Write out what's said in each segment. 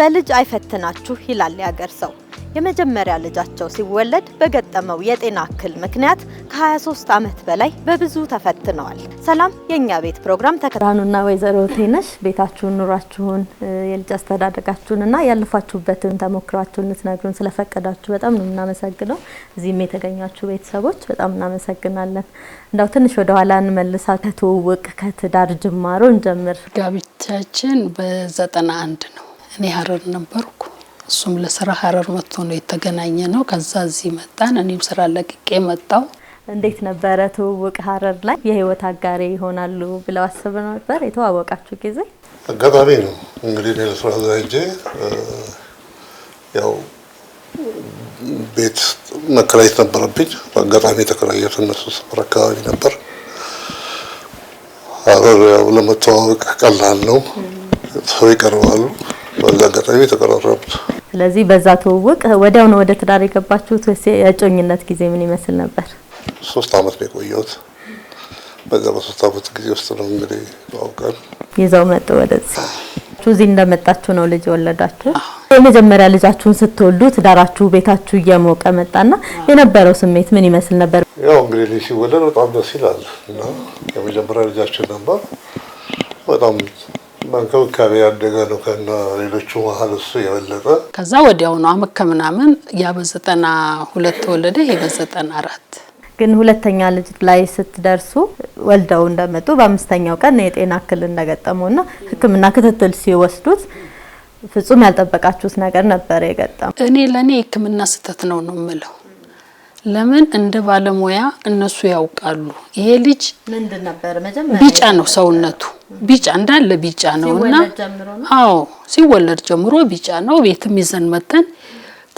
በልጅ አይፈትናችሁ ይላል የሀገር ሰው። የመጀመሪያ ልጃቸው ሲወለድ በገጠመው የጤና እክል ምክንያት ከ23 ዓመት በላይ በብዙ ተፈትነዋል። ሰላም የእኛ ቤት ፕሮግራም ተከራኑና ወይዘሮ ቴነሽ ቤታችሁን፣ ኑሯችሁን፣ የልጅ አስተዳደጋችሁን እና ያለፋችሁበትን ተሞክሯችሁን ልትነግሩን ስለፈቀዳችሁ በጣም ነው የምናመሰግነው። እዚህም የተገኛችሁ ቤተሰቦች በጣም እናመሰግናለን። እንዳው ትንሽ ወደኋላ እንመልሳ ከትውውቅ ከትዳር ጅማሮ እንጀምር። ጋብቻችን በዘጠና አንድ ነው። እኔ ሀረር ነበርኩ እሱም ለስራ ሀረር መጥቶ ነው የተገናኘ ነው። ከዛ እዚህ መጣን። እኔም ስራ ለቅቄ መጣው። እንዴት ነበረ ትውውቅ? ሀረር ላይ የህይወት አጋሪ ይሆናሉ ብለው አስብ ነበር? የተዋወቃችሁ ጊዜ አጋጣሚ ነው እንግዲህ ለስራ ዘራጀ ያው ቤት መከራየት ነበረብኝ። በአጋጣሚ የተከራየሁት እነሱ ሰፈር አካባቢ ነበር። ሀረር ያው ለመተዋወቅ ቀላል ነው፣ ሰው ይቀርባሉ። በዛ አጋጣሚ የተቀራረቡት። ስለዚህ በዛ ትውውቅ ወዲያው ነው ወደ ትዳር የገባችሁት ወይስ የእጮኝነት ጊዜ ምን ይመስል ነበር? ሶስት አመት ነው የቆየሁት። በዛ በሶስት አመት ጊዜ ውስጥ ነው እንግዲህ ተዋውቀን ይዘው መጡ ወደዚህ። እዚህ እንደመጣችሁ ነው ልጅ የወለዳችሁ። የመጀመሪያ ልጃችሁን ስትወልዱ ትዳራችሁ፣ ቤታችሁ እየሞቀ መጣና የነበረው ስሜት ምን ይመስል ነበር? ያው እንግዲህ ልጅ ሲወለድ በጣም ደስ ይላል እና የመጀመሪያ ልጃችን ነበር በጣም በእንክብካቤ ያደገ ነው ከና ሌሎቹ መሀል እሱ የበለጠ ከዛ ወዲያውኑ አመከ ምናምን ያ በዘጠና ሁለት ተወለደ ይሄ በዘጠና አራት ግን ሁለተኛ ልጅ ላይ ስትደርሱ ወልደው እንደመጡ በአምስተኛው ቀን የጤና እክል ና ህክምና ክትትል ሲወስዱት ፍጹም ያልጠበቃችሁት ነገር ነበር የገጠመው። እኔ ለእኔ የህክምና ስህተት ነው ነው ምለው ለምን እንደ ባለሙያ እነሱ ያውቃሉ። ይሄ ልጅ ምንድን ነበር መጀመሪያ ቢጫ ነው ሰውነቱ ቢጫ እንዳለ ቢጫ ነው እና አዎ ሲወለድ ጀምሮ ቢጫ ነው። ቤትም ይዘን መተን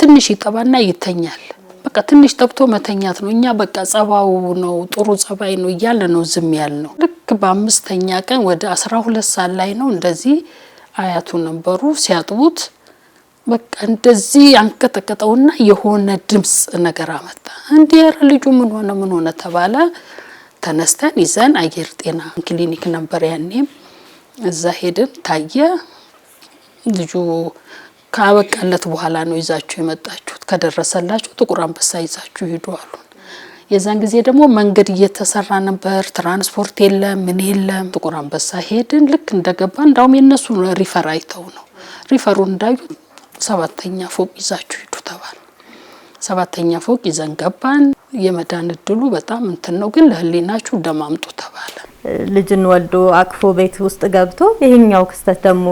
ትንሽ ይጠባና ይተኛል። በቃ ትንሽ ጠብቶ መተኛት ነው። እኛ በቃ ጸባው ነው ጥሩ ጸባይ ነው እያለ ነው ዝም ያል ነው። ልክ በአምስተኛ ቀን ወደ አስራ ሁለት ሰዓት ላይ ነው እንደዚህ አያቱ ነበሩ ሲያጥቡት፣ በቃ እንደዚህ ያንቀጠቀጠውና የሆነ ድምፅ ነገር አመጣ። እንዲህ ያረ ልጁ ምን ሆነ ምን ሆነ ተባለ። ተነስተን ይዘን አየር ጤና ክሊኒክ ነበር ያኔ። እዛ ሄድን ታየ። ልጁ ካበቃለት በኋላ ነው ይዛችሁ የመጣችሁት፣ ከደረሰላችሁ ጥቁር አንበሳ ይዛችሁ ሂዱ አሉን። የዛን ጊዜ ደግሞ መንገድ እየተሰራ ነበር፣ ትራንስፖርት የለም፣ ምን የለም። ጥቁር አንበሳ ሄድን። ልክ እንደገባ እንዳውም የነሱ ሪፈር አይተው ነው ሪፈሩ እንዳዩ ሰባተኛ ፎቅ ይዛችሁ ሂዱ ተባል። ሰባተኛ ፎቅ ይዘን ገባን። የመዳን እድሉ በጣም እንትን ነው። ግን ለህሊናችሁ ደማምጡ ተባለ። ልጅን ወልዶ አቅፎ ቤት ውስጥ ገብቶ ይሄኛው ክስተት ደግሞ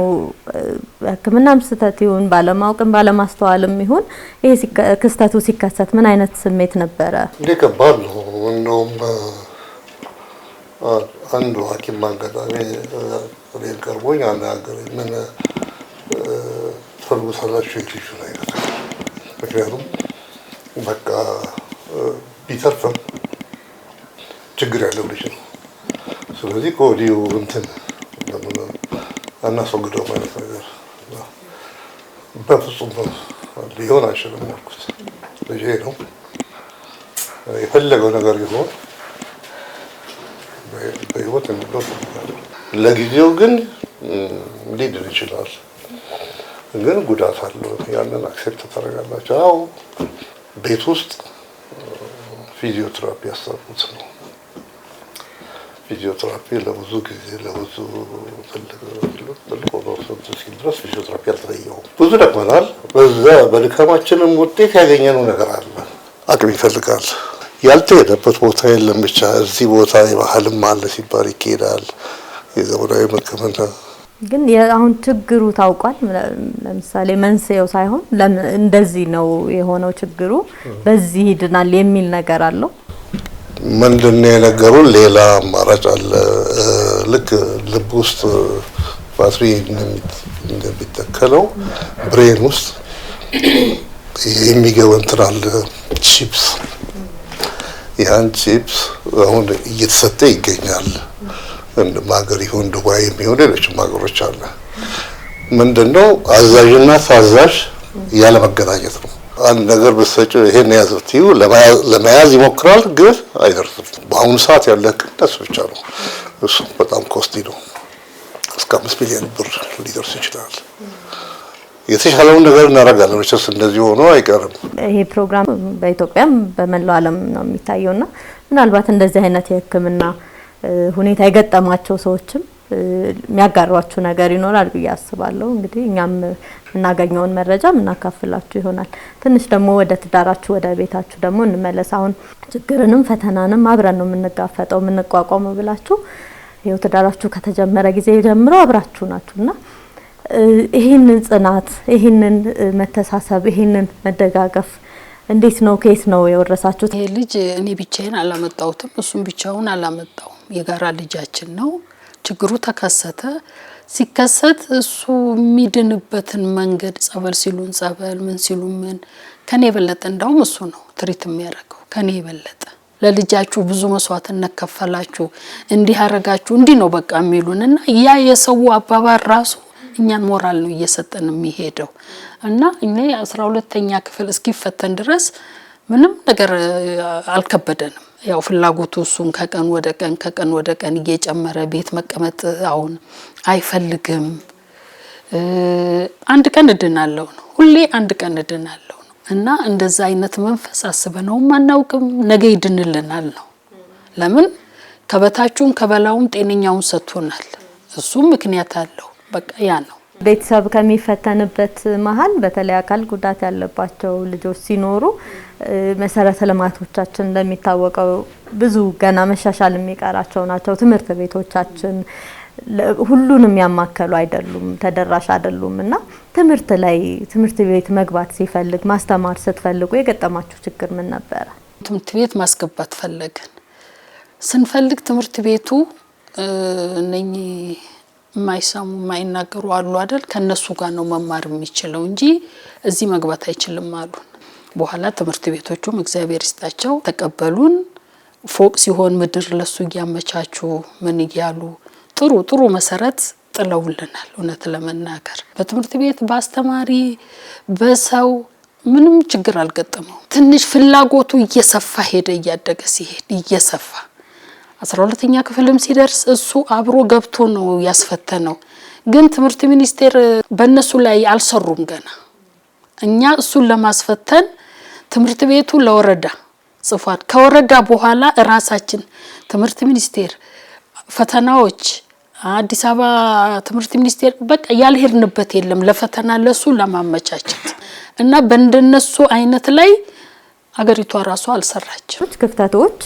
ሕክምናም ስህተት ይሁን ባለማወቅም ባለማስተዋልም ይሁን ይሄ ክስተቱ ሲከሰት ምን አይነት ስሜት ነበረ? እንዴ ከባድ ነው። እንደውም አንዱ ሐኪም አጋጣሚ እኔን ቀርቦኝ ሀገር ምን ፈልጉ ሰላችሁ የልጁ ነው። ምክንያቱም በቃ ቢተርፍም ችግር ያለው ልጅ ነው። ስለዚህ ከወዲሁ እንትን አናስወግደው ማለት ነገር በፍጹም ሊሆን አይችልም። ያልኩት ልጄ ነው። የፈለገው ነገር ይሆን በህይወት እንዲኖር ለጊዜው ግን ሊድን ይችላል። ግን ጉዳት አለው። ያንን አክሴፕት ታደርጋላቸው። አዎ ቤት ውስጥ ፊዚዮቴራፒ ያስታውቁት ነው። ፊዚዮቴራፒ ለብዙ ጊዜ ለብዙ ትልቅ ሲል ድረስ ፊዚዮቴራፒ አልተለየውም። ብዙ ደክመናል። በዛ በድካማችንም ውጤት ያገኘነው ነገር አለ። አቅም ይፈልጋል። ያልተሄደበት ቦታ የለም። ብቻ እዚህ ቦታ የባህልም አለ ሲባል ይካሄዳል። የዘመናዊ ሕክምና ግን አሁን ችግሩ ታውቋል። ለምሳሌ መንስኤው ሳይሆን እንደዚህ ነው የሆነው ችግሩ በዚህ ይድናል የሚል ነገር አለው። ምንድን ነው የነገሩን? ሌላ አማራጭ አለ። ልክ ልብ ውስጥ ባትሪ እንደሚተከለው ብሬን ውስጥ የሚገባ እንትን አለ ቺፕስ። ያን ቺፕስ አሁን እየተሰጠ ይገኛል ሀገር ይሁን ዱባይ የሚሆን ሌሎችም ሀገሮች አለ። ምንድነው አዛዥና ታዛዥ ያለ መገናኘት ነው። አንድ ነገር ብትሰጪው ይሄን ያዝ ይሁ ለመያዝ ይሞክራል፣ ግን አይደርስም። በአሁኑ ሰዓት ያለ ሕክምና ብቻ ነው። እሱ በጣም ኮስቲ ነው። እስከ አምስት ሚሊዮን ብር ሊደርስ ይችላል። የተሻለውን ነገር እናደርጋለን። መቼስ እንደዚህ ሆኖ አይቀርም። ይሄ ፕሮግራም በኢትዮጵያም በመላው ዓለም ነው የሚታየውና ምናልባት እንደዚህ አይነት የህክምና ሁኔታ የገጠማቸው ሰዎችም የሚያጋሯችሁ ነገር ይኖራል ብዬ አስባለሁ። እንግዲህ እኛም የምናገኘውን መረጃ የምናካፍላችሁ ይሆናል። ትንሽ ደግሞ ወደ ትዳራችሁ ወደ ቤታችሁ ደግሞ እንመለስ። አሁን ችግርንም ፈተናንም አብረን ነው የምንጋፈጠው የምንቋቋመው ብላችሁ ይኸው ትዳራችሁ ከተጀመረ ጊዜ ጀምሮ አብራችሁ ናችሁና ይህንን ጽናት፣ ይህንን መተሳሰብ፣ ይህንን መደጋገፍ እንዴት ነው ከየት ነው የወረሳችሁት? ይሄ ልጅ እኔ ብቻዬን አላመጣሁትም፣ እሱም ብቻውን አላመጣው የጋራ ልጃችን ነው። ችግሩ ተከሰተ። ሲከሰት እሱ የሚድንበትን መንገድ ጸበል ሲሉን ጸበል፣ ምን ሲሉ ምን ከኔ የበለጠ እንዳውም እሱ ነው ትሪት የሚያደርገው ከኔ የበለጠ ለልጃችሁ ብዙ መስዋዕትነት ከፈላችሁ፣ እንዲህ አረጋችሁ፣ እንዲህ ነው በቃ የሚሉን እና ያ የሰው አባባል ራሱ እኛን ሞራል ነው እየሰጠን የሚሄደው እና እኔ አስራ ሁለተኛ ክፍል እስኪፈተን ድረስ ምንም ነገር አልከበደንም። ያው ፍላጎቱ እሱን ከቀን ወደ ቀን ከቀን ወደ ቀን እየጨመረ ቤት መቀመጥ አሁን አይፈልግም። አንድ ቀን እድናለሁ ነው፣ ሁሌ አንድ ቀን እድናለሁ ነው እና እንደዛ አይነት መንፈስ አስበነውም አናውቅም። ነገ ይድንልናል ነው። ለምን ከበታችሁም ከበላውም ጤነኛውን ሰጥቶናል። እሱም ምክንያት አለው። በቃ ያ ነው። ቤተሰብ ከሚፈተንበት መሀል በተለይ አካል ጉዳት ያለባቸው ልጆች ሲኖሩ መሰረተ ልማቶቻችን እንደሚታወቀው ብዙ ገና መሻሻል የሚቀራቸው ናቸው። ትምህርት ቤቶቻችን ሁሉንም ያማከሉ አይደሉም፣ ተደራሽ አይደሉም እና ትምህርት ላይ ትምህርት ቤት መግባት ሲፈልግ ማስተማር ስትፈልጉ የገጠማችሁ ችግር ምን ነበረ? ትምህርት ቤት ማስገባት ፈለግን ስንፈልግ ትምህርት ቤቱ እነኚህ የማይሰሙ የማይናገሩ አሉ አይደል? ከነሱ ጋር ነው መማር የሚችለው እንጂ እዚህ መግባት አይችልም አሉን። በኋላ ትምህርት ቤቶቹም እግዚአብሔር ይስጣቸው ተቀበሉን። ፎቅ ሲሆን ምድር ለሱ እያመቻቹ ምን እያሉ ጥሩ ጥሩ መሰረት ጥለውልናል። እውነት ለመናገር በትምህርት ቤት በአስተማሪ በሰው ምንም ችግር አልገጠመው። ትንሽ ፍላጎቱ እየሰፋ ሄደ፣ እያደገ ሲሄድ እየሰፋ አስራ ሁለተኛ ክፍልም ሲደርስ እሱ አብሮ ገብቶ ነው ያስፈተነው። ግን ትምህርት ሚኒስቴር በእነሱ ላይ አልሰሩም ገና። እኛ እሱን ለማስፈተን ትምህርት ቤቱ ለወረዳ ጽፏል። ከወረዳ በኋላ እራሳችን ትምህርት ሚኒስቴር ፈተናዎች አዲስ አበባ ትምህርት ሚኒስቴር በቃ ያልሄድንበት የለም ለፈተና ለሱ ለማመቻቸት እና በእንደነሱ አይነት ላይ አገሪቷ ራሷ አልሰራችም ክፍተቶች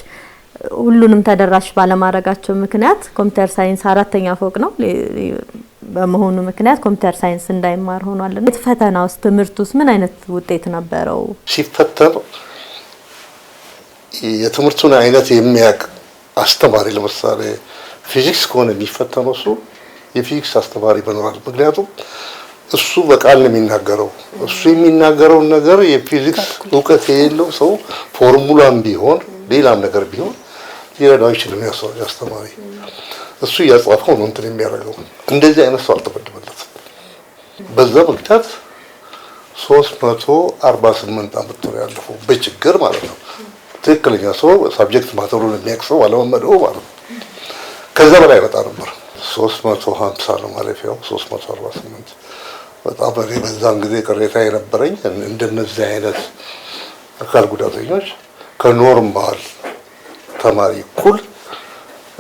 ሁሉንም ተደራሽ ባለማድረጋቸው ምክንያት ኮምፒውተር ሳይንስ አራተኛ ፎቅ ነው በመሆኑ ምክንያት ኮምፒውተር ሳይንስ እንዳይማር ሆኗል። ፈተና ውስጥ ትምህርት ውስጥ ምን አይነት ውጤት ነበረው? ሲፈተን የትምህርቱን አይነት የሚያውቅ አስተማሪ ለምሳሌ ፊዚክስ ከሆነ የሚፈተነው እሱ የፊዚክስ አስተማሪ በኖራል። ምክንያቱም እሱ በቃል ነው የሚናገረው። እሱ የሚናገረውን ነገር የፊዚክስ እውቀት የሌለው ሰው ፎርሙላም ቢሆን ሌላም ነገር ቢሆን ሊረዳው አይችልም። ያስተማሪ እሱ እያጻፈው ነው እንትን የሚያደርገው እንደዚህ አይነት ሰው አልተመደበለትም። በዛ ምክንያት 348 መቶ አመት ነው ያለፈው በችግር ማለት ነው። ትክክለኛ ሰው ሳብጀክት ማተሩን የሚያቅሰው አለመመደቡ ማለት ነው። ከዛ በላይ ይመጣ ነበር። 350 ነው ማለፊያው ሶስት በጣም እኔ በዛን ጊዜ ቅሬታ የነበረኝ እንደነዚህ አይነት አካል ጉዳተኞች ከኖርማል ተማሪ እኩል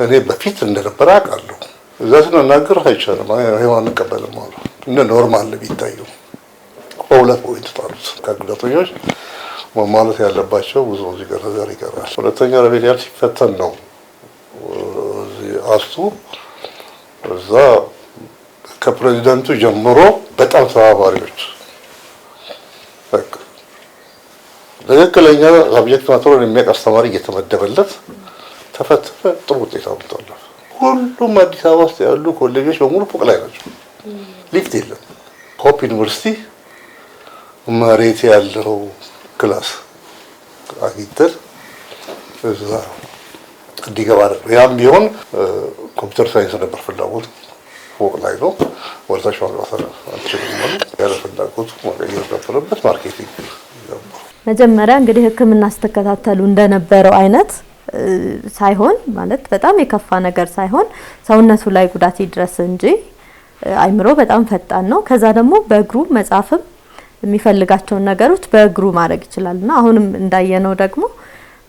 እኔ በፊት እንደነበረ አውቃለሁ። እዛ ስንናገር አይቻልም አንቀበልም አሉ። እንደ ኖርማል ቢታየው በሁለት ፖይንት ጣሉት። ከግዳተኞች መሟላት ያለባቸው ብዙ እዚህ ጋር ነገር ይቀራል። ሁለተኛ ረቤልያን ሲፈተን ነው አስቱ እዛ ከፕሬዚደንቱ ጀምሮ በጣም ተባባሪዎች ትክክለኛ ሰብጀክት ማተሩን የሚያውቅ አስተማሪ እየተመደበለት ተፈተፈ፣ ጥሩ ውጤት አምጥቷል። ሁሉም አዲስ አበባ ውስጥ ያሉ ኮሌጆች በሙሉ ፎቅ ላይ ናቸው። ሊፍት የለም። ሆፕ ዩኒቨርሲቲ መሬት ያለው ክላስ አግኝተን እዛ እንዲገባ ነበር። ያም ቢሆን ኮምፒውተር ሳይንስ ነበር ፍላጎት፣ ፎቅ ላይ ነው። ወደታች ማግባት አንችልም ያለ ፍላጎቱ መቀየር ነበረበት። ማርኬቲንግ ነበር መጀመሪያ እንግዲህ ሕክምና ስትከታተሉ እንደነበረው አይነት ሳይሆን ማለት በጣም የከፋ ነገር ሳይሆን ሰውነቱ ላይ ጉዳት ይድረስ እንጂ አይምሮ በጣም ፈጣን ነው። ከዛ ደግሞ በእግሩ መጻፍም የሚፈልጋቸውን ነገሮች በእግሩ ማድረግ ይችላል እና አሁንም እንዳየነው ደግሞ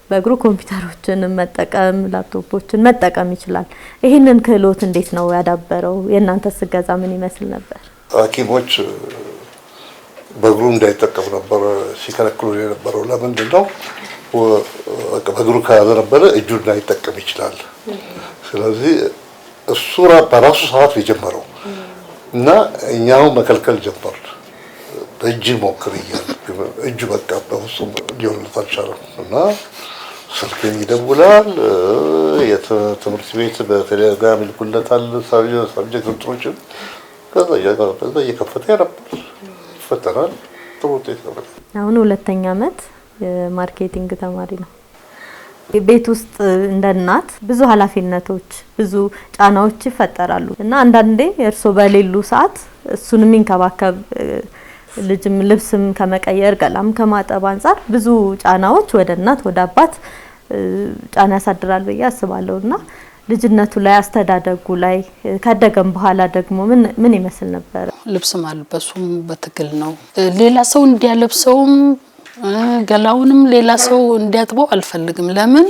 በእግሩ ኮምፒውተሮችን መጠቀም ላፕቶፖችን መጠቀም ይችላል። ይህንን ክህሎት እንዴት ነው ያዳበረው? የእናንተስ ስገዛ ምን ይመስል ነበር? ሐኪሞች በእግሩ እንዳይጠቀም ነበር ሲከለክሉ የነበረው። ለምንድን ነው? በእግሩ ከያዘ ነበረ እጁን እንዳይጠቀም ይችላል። ስለዚህ እሱ በራሱ ሰዓት የጀመረው እና እኛው መከልከል ጀመር። በእጅ ሞክር እያል እጁ በቃ በፍጹም ሊሆንለት አልቻለም እና ስልክን ይደውላል። የትምህርት ቤት በቴሌግራም ይልኩለታል ሳብጀክት እንትኖችን ከዛ እየከፈተ ያነባል። ይፈጠራል። ጥሩ ውጤት ነው። አሁን ሁለተኛ ዓመት የማርኬቲንግ ተማሪ ነው። ቤት ውስጥ እንደ እናት ብዙ ኃላፊነቶች ብዙ ጫናዎች ይፈጠራሉ እና አንዳንዴ እርስዎ በሌሉ ሰዓት እሱን የሚንከባከብ ልጅም ልብስም ከመቀየር ገላም ከማጠብ አንጻር ብዙ ጫናዎች ወደ እናት ወደ አባት ጫና ያሳድራል ብዬ አስባለሁ እና ልጅነቱ ላይ አስተዳደጉ ላይ ካደገም በኋላ ደግሞ ምን ይመስል ነበረ? ልብስ ማልበሱም በትግል ነው። ሌላ ሰው እንዲያለብሰውም ገላውንም ሌላ ሰው እንዲያጥበው አልፈልግም። ለምን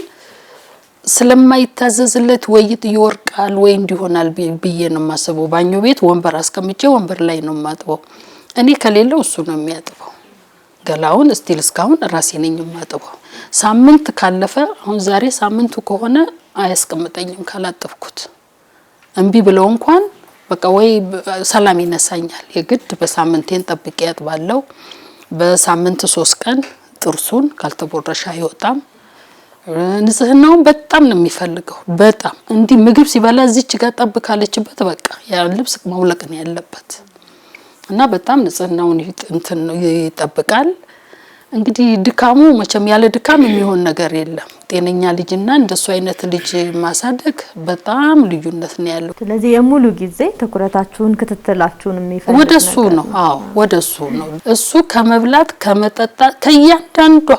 ስለማይታዘዝለት ወይ ይወርቃል ወይ እንዲሆናል ብዬ ነው የማስበው። ባኞ ቤት ወንበር አስቀምጬ ወንበር ላይ ነው የማጥበው። እኔ ከሌለው እሱ ነው የሚያጥበው። ገላውን እስቲል እስካሁን ራሴ ነኝ የማጥበው። ሳምንት ካለፈ አሁን ዛሬ ሳምንቱ ከሆነ አያስቀምጠኝም ካላጠብኩት። እምቢ ብለው እንኳን በቃ ወይ ሰላም ይነሳኛል። የግድ በሳምንቴን ጠብቄ ያጥባለው። በሳምንት ሶስት ቀን ጥርሱን ካልተቦረሻ አይወጣም። ንጽህናውን በጣም ነው የሚፈልገው። በጣም እንዲህ ምግብ ሲበላ እዚች ጋር ጠብ ካለችበት በቃ ያን ልብስ መውለቅ ነው ያለበት። እና በጣም ንጽህናውን ይጠብቃል። እንግዲህ ድካሙ መቼም ያለ ድካም የሚሆን ነገር የለም። ጤነኛ ልጅና እንደሱ አይነት ልጅ ማሳደግ በጣም ልዩነት ነው ያለው። ስለዚህ የሙሉ ጊዜ ትኩረታችሁን ክትትላችሁን የሚፈልግ ወደሱ ነው። አዎ ወደሱ ነው። እሱ ከመብላት ከመጠጣት ከእያንዳንዷ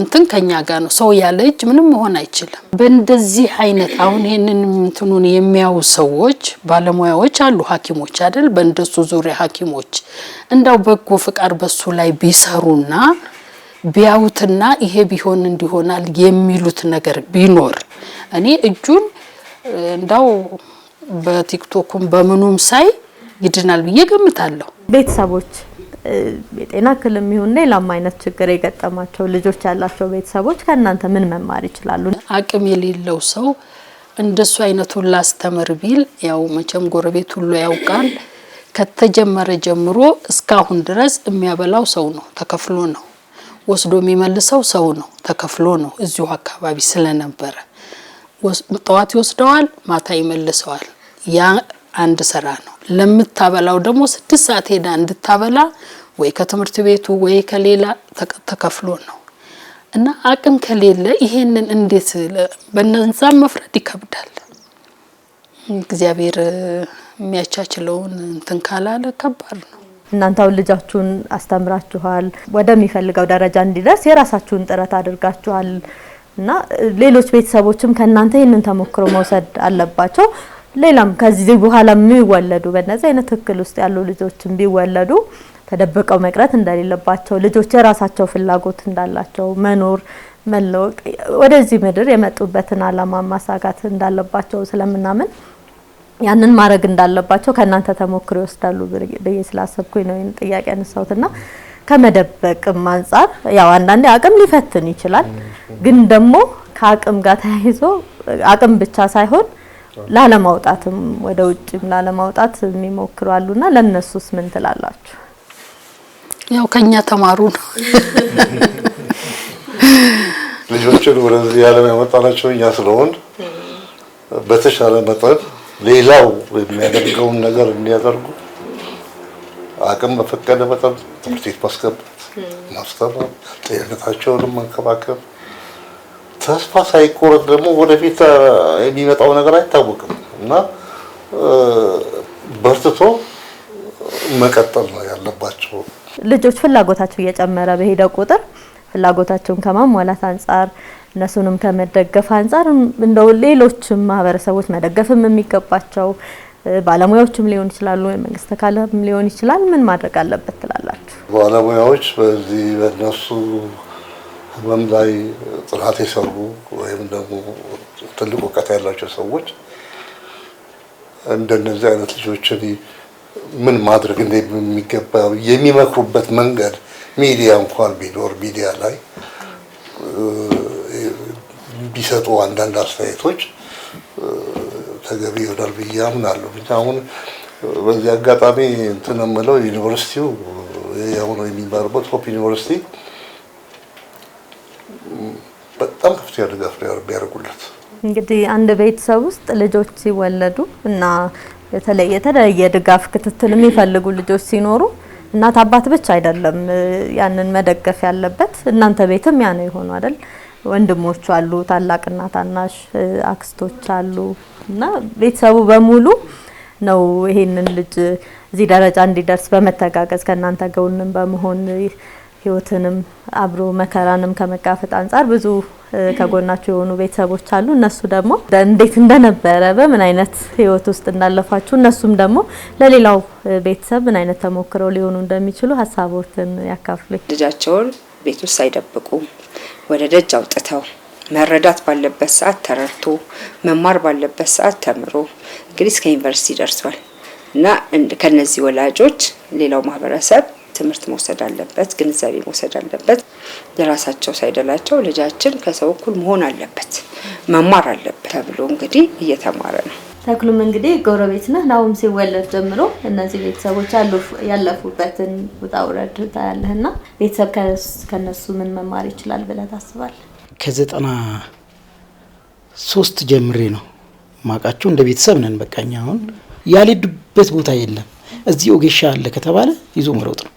እንትን ከኛ ጋር ነው። ሰው ያለ እጅ ምንም መሆን አይችልም። በእንደዚህ አይነት አሁን ይህንን እንትኑን የሚያዩ ሰዎች ባለሙያዎች አሉ፣ ሐኪሞች አይደል? በእንደሱ ዙሪያ ሐኪሞች እንዳው በጎ ፍቃድ በሱ ላይ ቢሰሩና ቢያዩትና ይሄ ቢሆን እንዲሆናል የሚሉት ነገር ቢኖር እኔ እጁን እንዳው በቲክቶኩም በምኑም ሳይ ይድናል ብዬ ገምታለሁ ቤተሰቦች የጤና እክል የሚሆን ሌላም አይነት ችግር የገጠማቸው ልጆች ያላቸው ቤተሰቦች ከእናንተ ምን መማር ይችላሉ? አቅም የሌለው ሰው እንደሱ አይነቱን ላስተምር ቢል ያው መቼም ጎረቤት ሁሉ ያውቃል። ከተጀመረ ጀምሮ እስካሁን ድረስ የሚያበላው ሰው ነው፣ ተከፍሎ ነው። ወስዶ የሚመልሰው ሰው ነው፣ ተከፍሎ ነው። እዚሁ አካባቢ ስለነበረ ጠዋት ይወስደዋል፣ ማታ ይመልሰዋል። ያ አንድ ስራ ነው። ለምታበላው ደግሞ ስድስት ሰዓት ሄዳ እንድታበላ ወይ ከትምህርት ቤቱ ወይ ከሌላ ተከፍሎ ነው እና አቅም ከሌለ ይሄንን እንዴት በነዛ መፍረድ ይከብዳል። እግዚአብሔር የሚያቻችለውን እንትን ካላለ ከባድ ነው። እናንተው ልጃችሁን አስተምራችኋል፣ ወደሚፈልገው ደረጃ እንዲደርስ የራሳችሁን ጥረት አድርጋችኋል እና ሌሎች ቤተሰቦችም ከእናንተ ይህንን ተሞክሮ መውሰድ አለባቸው። ሌላም ከዚህ በኋላ የሚወለዱ በነዚህ አይነት እክል ውስጥ ያሉ ልጆችም ቢወለዱ ተደብቀው መቅረት እንደሌለባቸው ልጆች የራሳቸው ፍላጎት እንዳላቸው መኖር መለወቅ ወደዚህ ምድር የመጡበትን ዓላማ ማሳጋት እንዳለባቸው ስለምናምን ያንን ማድረግ እንዳለባቸው ከእናንተ ተሞክሮ ይወስዳሉ ብዬ ስላሰብኩኝ ነው ይህን ጥያቄ ና ከመደበቅም አንጻር ያው አንዳንዴ አቅም ሊፈትን ይችላል። ግን ደግሞ ከአቅም ጋር ተያይዞ አቅም ብቻ ሳይሆን ላለማውጣትም ወደ ውጭም ላለማውጣት የሚሞክሩ አሉና ለነሱስ ምን ትላላችሁ? ያው ከኛ ተማሩ ነው ልጆችን ወደዚህ ዓለም ያመጣናቸው እኛ ስለሆን በተሻለ መጠን ሌላው የሚያደርገውን ነገር እንዲያደርጉ አቅም በፈቀደ መጠን ትምህርት ቤት ማስገባት፣ ማስተማር፣ ጤንነታቸውንም መንከባከብ ተስፋ ሳይቆረጥ ደግሞ ወደፊት የሚመጣው ነገር አይታወቅም እና በርትቶ መቀጠል ነው ያለባቸው። ልጆች ፍላጎታቸው እየጨመረ በሄደ ቁጥር ፍላጎታቸውን ከማሟላት አንጻር እነሱንም ከመደገፍ አንጻር እንደው ሌሎችም ማህበረሰቦች መደገፍም የሚገባቸው ባለሙያዎችም ሊሆን ይችላሉ፣ የመንግስት አካልም ሊሆን ይችላል። ምን ማድረግ አለበት ትላላችሁ? ባለሙያዎች በዚህ በእነሱ ህመም ላይ ጥናት የሰሩ ወይም ደግሞ ትልቅ እውቀት ያላቸው ሰዎች እንደነዚህ አይነት ልጆችን ምን ማድረግ እንደሚገባ የሚመክሩበት መንገድ ሚዲያ እንኳን ቢኖር ሚዲያ ላይ ቢሰጡ አንዳንድ አስተያየቶች ተገቢ ይሆናል ብዬ አምናለሁ። አሁን በዚህ አጋጣሚ እንትን የምለው ዩኒቨርሲቲው የአሁኑ የሚማርበት ሆፕ ዩኒቨርሲቲ በጣም ከፍተኛ ድጋፍ ነው የሚያደርጉለት። እንግዲህ አንድ ቤተሰብ ውስጥ ልጆች ሲወለዱ እና የተለየ የተለያየ ድጋፍ ክትትል የሚፈልጉ ልጆች ሲኖሩ እናት አባት ብቻ አይደለም ያንን መደገፍ ያለበት። እናንተ ቤትም ያ ነው የሆኑ አይደል? ወንድሞች አሉ፣ ታላቅና ታናሽ አክስቶች አሉ እና ቤተሰቡ በሙሉ ነው ይሄንን ልጅ እዚህ ደረጃ እንዲደርስ በመተጋገዝ ከእናንተ ጎንም በመሆን ህይወትንም አብሮ መከራንም ከመጋፈጥ አንጻር ብዙ ከጎናችሁ የሆኑ ቤተሰቦች አሉ። እነሱ ደግሞ እንዴት እንደነበረ በምን አይነት ህይወት ውስጥ እንዳለፋችሁ እነሱም ደግሞ ለሌላው ቤተሰብ ምን አይነት ተሞክረው ሊሆኑ እንደሚችሉ ሀሳቦትን ያካፍሉ። ልጃቸውን ቤት ውስጥ ሳይደብቁ ወደ ደጅ አውጥተው መረዳት ባለበት ሰዓት ተረድቶ መማር ባለበት ሰዓት ተምሮ እንግዲህ እስከ ዩኒቨርሲቲ ደርሷል እና ከነዚህ ወላጆች ሌላው ማህበረሰብ ትምህርት መውሰድ አለበት፣ ግንዛቤ መውሰድ አለበት። ለራሳቸው ሳይደላቸው ልጃችን ከሰው እኩል መሆን አለበት፣ መማር አለበት ተብሎ እንግዲህ እየተማረ ነው። ተክሉም እንግዲህ ጎረቤት ነህ። ናሁም ሲወለድ ጀምሮ እነዚህ ቤተሰቦች ያለፉበትን ውጣ ውረድ ታያለህ እና ቤተሰብ ከነሱ ምን መማር ይችላል ብለህ ታስባለህ? ከዘጠና ሶስት ጀምሬ ነው ማቃቸው። እንደ ቤተሰብ ነን። በቃ እኛ አሁን ያልሄዱበት ቦታ የለም። እዚህ ኦጌሻ አለ ከተባለ ይዞ መሮጥ ነው።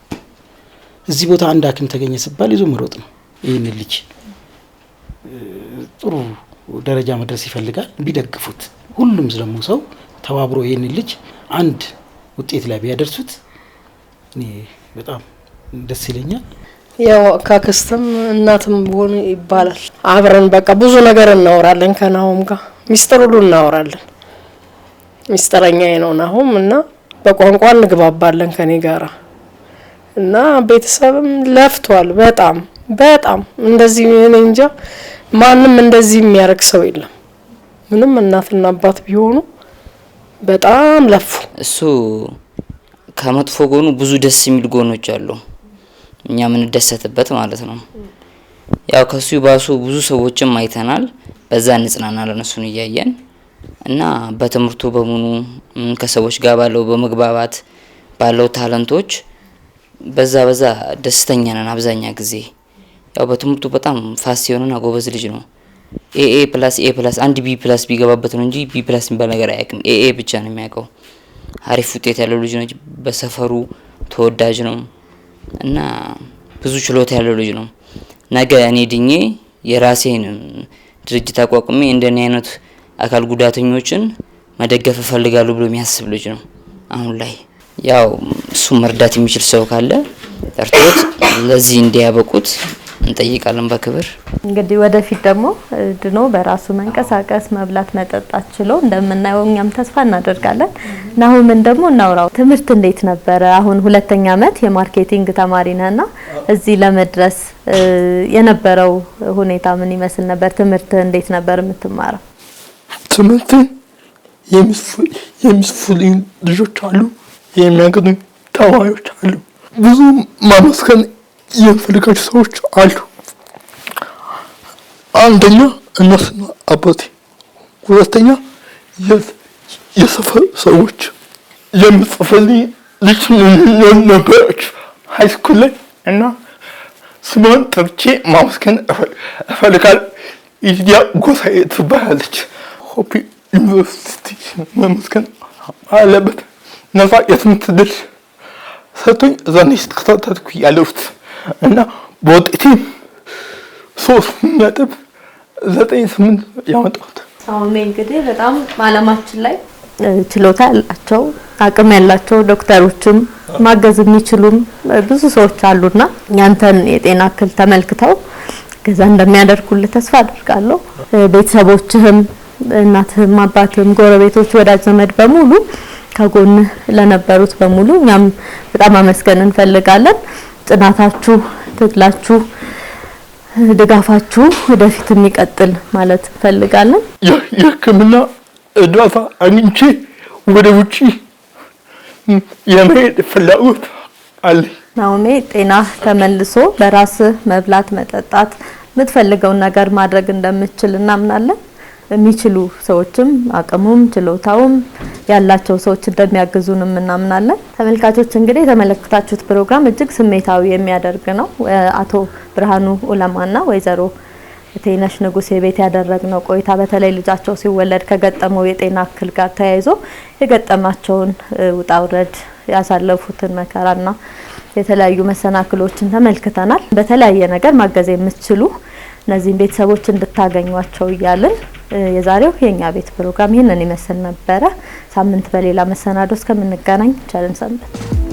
እዚህ ቦታ አንድ ሐኪም ተገኘ ሲባል ይዞ መሮጥ ነው። ይህን ልጅ ጥሩ ደረጃ መድረስ ይፈልጋል። ቢደግፉት ሁሉም ደግሞ ሰው ተባብሮ ይህን ልጅ አንድ ውጤት ላይ ቢያደርሱት እኔ በጣም ደስ ይለኛል። ያው ካክስትም እናትም ሆኑ ይባላል። አብረን በቃ ብዙ ነገር እናወራለን። ከናሆም ጋር ሚስጥር ሁሉ እናወራለን። ሚስጥረኛ ነው ናሆም እና በቋንቋ እንግባባለን ከኔ ጋራ እና ቤተሰብም ለፍቷል። በጣም በጣም እንደዚህ እኔ እንጃ ማንም እንደዚህ የሚያደርግ ሰው የለም። ምንም እናትና አባት ቢሆኑ በጣም ለፉ። እሱ ከመጥፎ ጎኑ ብዙ ደስ የሚል ጎኖች አሉ፣ እኛ የምንደሰትበት ማለት ነው። ያው ከሱ ባሱ ብዙ ሰዎችም አይተናል፣ በዛ እንጽናናለን እሱን እያየን እና በትምህርቱ በሙሉ ከሰዎች ጋር ባለው በመግባባት ባለው ታለንቶች በዛ በዛ ደስተኛ ነን። አብዛኛ ጊዜ ያው በትምህርቱ በጣም ፋስ የሆነና ጎበዝ ልጅ ነው። ኤኤ ፕላስ ኤ ፕላስ አንድ ቢ ፕላስ ቢገባበት ነው እንጂ ቢ ፕላስ የሚባል ነገር አያውቅም። ኤኤ ብቻ ነው የሚያውቀው። አሪፍ ውጤት ያለው ልጅ ነው። በሰፈሩ ተወዳጅ ነው እና ብዙ ችሎታ ያለው ልጅ ነው። ነገ እኔ ድኜ የራሴን ድርጅት አቋቁሜ እንደኔ አይነት አካል ጉዳተኞችን መደገፍ እፈልጋለሁ ብሎ የሚያስብ ልጅ ነው አሁን ላይ ያው እሱም መርዳት የሚችል ሰው ካለ ጠርቶት ለዚህ እንዲያበቁት እንጠይቃለን በክብር እንግዲህ ወደፊት ደግሞ ድኖ በራሱ መንቀሳቀስ መብላት መጠጣት ችሎ እንደምናየው እኛም ተስፋ እናደርጋለን። ናሁምን ደግሞ እናውራው። ትምህርት እንዴት ነበረ? አሁን ሁለተኛ ዓመት የማርኬቲንግ ተማሪ ነህና እዚህ ለመድረስ የነበረው ሁኔታ ምን ይመስል ነበር? ትምህርት እንዴት ነበር የምትማረው? ትምህርት የሚስፉልኝ ልጆች አሉ የሚያገኙ ጠባዮች አሉ። ብዙ ማመስገን የምፈልጋቸው ሰዎች አሉ። አንደኛ እነሱና አባቴ፣ ሁለተኛ የሰፈር ሰዎች። የምጽፈልኝ ልጅ ነበረች ሃይስኩል ላይ እና ስሟን ጠርቼ ማመስገን እፈልጋል ኢትዮጵያ ጎሳዬ ትባላለች። ሆፒ ዩኒቨርሲቲ ማመስገን አለበት። ነፋ የትምህርት ዕድል ሰጡኝ። እዛ ነው ስተከታተልኩ ያለሁት እና በውጤቴ ሶስት ነጥብ ዘጠኝ ስምንት ያመጣሁት። አሁን እንግዲህ በጣም አለማችን ላይ ችሎታ ያላቸው አቅም ያላቸው ዶክተሮችም ማገዝ የሚችሉም ብዙ ሰዎች አሉና ያንተን የጤና እክል ተመልክተው ገዛ እንደሚያደርጉልህ ተስፋ አድርጋለሁ። ቤተሰቦችህም፣ እናትህም፣ አባትህም፣ ጎረቤቶች፣ ወዳጅ ዘመድ በሙሉ ከጎን ለነበሩት በሙሉ እኛም በጣም አመስገን እንፈልጋለን። ጥናታችሁ ትግላችሁ፣ ድጋፋችሁ ወደፊት የሚቀጥል ማለት እንፈልጋለን። የሕክምና እርዳታ አግኝቼ ወደ ውጪ የመሄድ ፍላጎት አለ። ናሆሜ ጤና ተመልሶ በራስ መብላት፣ መጠጣት፣ የምትፈልገውን ነገር ማድረግ እንደምችል እናምናለን። የሚችሉ ሰዎችም አቅሙም ችሎታውም ያላቸው ሰዎች እንደሚያግዙንም እናምናለን። ተመልካቾች እንግዲህ የተመለከታችሁት ፕሮግራም እጅግ ስሜታዊ የሚያደርግ ነው። አቶ ብርሃኑ ኡለማና ወይዘሮ ቴነሽ ንጉሴ ቤት ያደረግነው ቆይታ በተለይ ልጃቸው ሲወለድ ከገጠመው የጤና እክል ጋር ተያይዞ የገጠማቸውን ውጣውረድ ያሳለፉትን መከራና የተለያዩ መሰናክሎችን ተመልክተናል። በተለያየ ነገር ማገዝ የምትችሉ እነዚህን ቤተሰቦች እንድታገኟቸው እያልን የዛሬው የእኛ ቤት ፕሮግራም ይህንን ይመስል ነበረ። ሳምንት በሌላ መሰናዶ እስከምንገናኝ ቸርን ሰንበት።